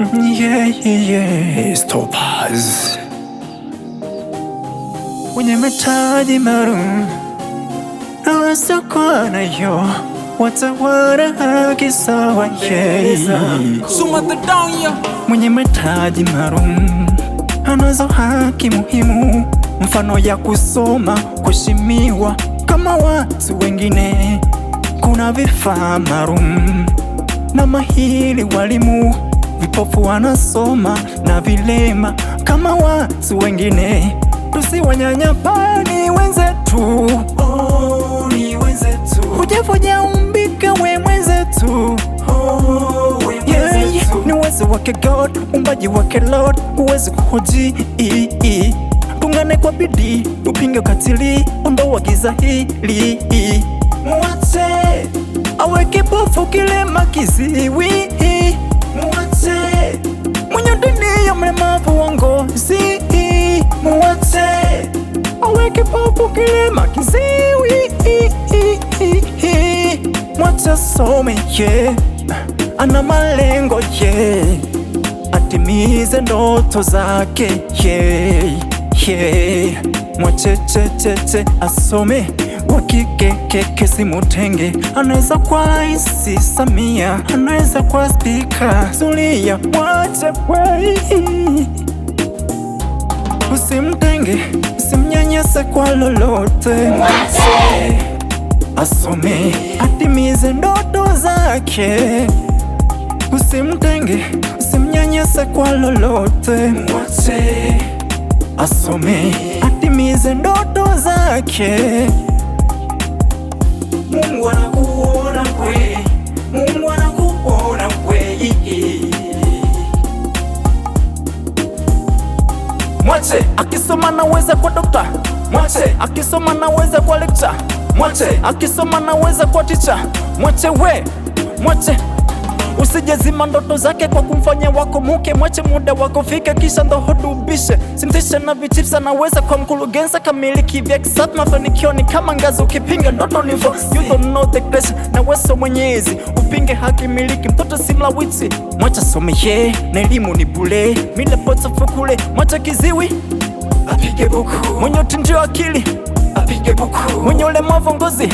Yeah, yeah, yeah. It's Topaz. Wenye mitaji maalum na wasiokuwa nayo watawala haki sawa, yeah. Mwenye mitaji maalum anazo haki muhimu, mfano ya kusoma, kushimiwa kama watu wengine, kuna vifaa marum na mahili walimu vipofu wanasoma na vilema kama watu wengine, tusiwanyanyapaa oh, ni wenzetu, oh, Hujavuja umbika we mwenzetu oh, we uwezo wake God, umbaji wake Lord, uwezi kuhoji Tungane kwa bidii, tupinge ukatili, ondoa giza hili, mwache awe pofu kilema, kiziwi huku kilima kiziwi mwachasome ye ana malengo ye atimize ndoto zake ye ye mwachechechete asome wakikekeke simutenge, anaweza kwa isi Samia, anaweza kwa Spika Zulia, wache wei, usimtenge Yesu kwa lolote, asome atimize ndoto zake, usimtenge usimnyanyase kwa lolote, asome atimize ndoto zake. Mungu anakuona kwe, Mungu anakuona kwe. Mwache akisoma naweza kwa dokta mwache, akisoma naweza kwa lecture mwache, akisoma naweza kwa teacher mwache, we mwache Usijezima ndoto zake kwa kumfanya wako muke, mwache muda wako fike, kisha ndo hudubishe. Simtishe na vichips, anaweza kwa kamiliki vya kisat, Mafanikio ni kama ngazi, ukipinga ndoto ni force. You don't know the crash, na weso mwenyezi upinge haki miliki. Mtoto si mlawiti, mwacha some ye na elimu ni bule, mila potofukule, mwacha kiziwi apige buku, mwenye utindio akili apige buku, mwenye ulemavu ngozi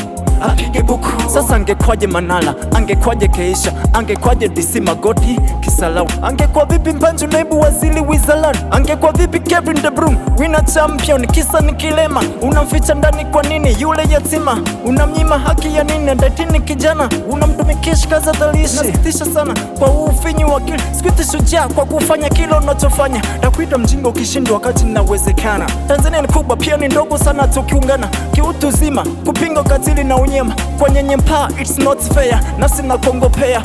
apige buku. Sasa angekwaje Manala, angekwaje Keisha, angekwaje DC Magoti Kisalau, angekwa vipi Mpanju naibu waziri Wizarani, angekwa vipi Kevin De Bruyne wina champion? Kisa ni kilema, unamficha ndani kwa nini? Yule yatima unamnyima haki ya nini? Ndatini kijana unamtumikisha kaza dhalishi. Nasikitisha sana kwa ufinyu wa akili, sikuiti shujaa kwa kufanya kile unachofanya. kuita mjinga ukishindwa wakati inawezekana. Tanzania ni kubwa pia ni ndogo sana, tukiungana kiutu zima kupinga ukatili na unye nyima kwenye nyempa it's not fair, nafsi na kongopea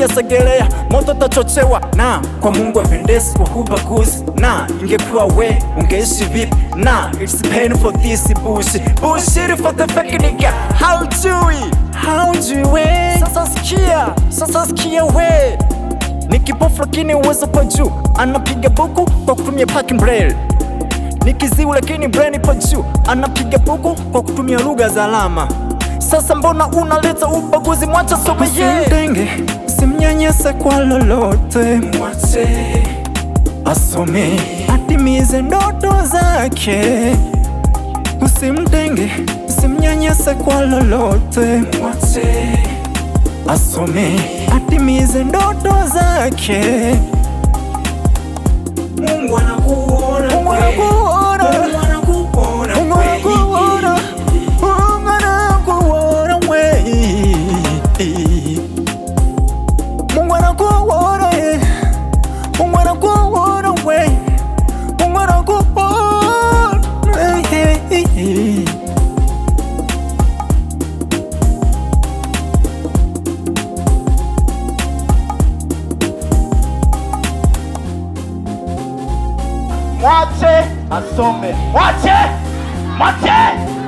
ya segelea moto tachochewa na kwa Mungu apendezi wa hubaguzi na ingekuwa we ungeishi vipi? na it's pain for this bush bush it for the fake nigga how do we how do we sasa sikia sasa sikia we ni kipofu lakini uwezo kwa juu anapiga buku kwa kutumia parking braille ni kiziwi lakini brain ipo juu anapiga buku kwa kutumia lugha za alama. Sasa mbona unaleta ubaguzi? Mwacha someje, mdenge simnyanyese kwa lolote, mwache asome atimize ndoto zake. Usimdenge usimnyanyase kwa lolote, mwache asome atimize ndoto zake. Mungu anakuona asome. Mwache, mwache.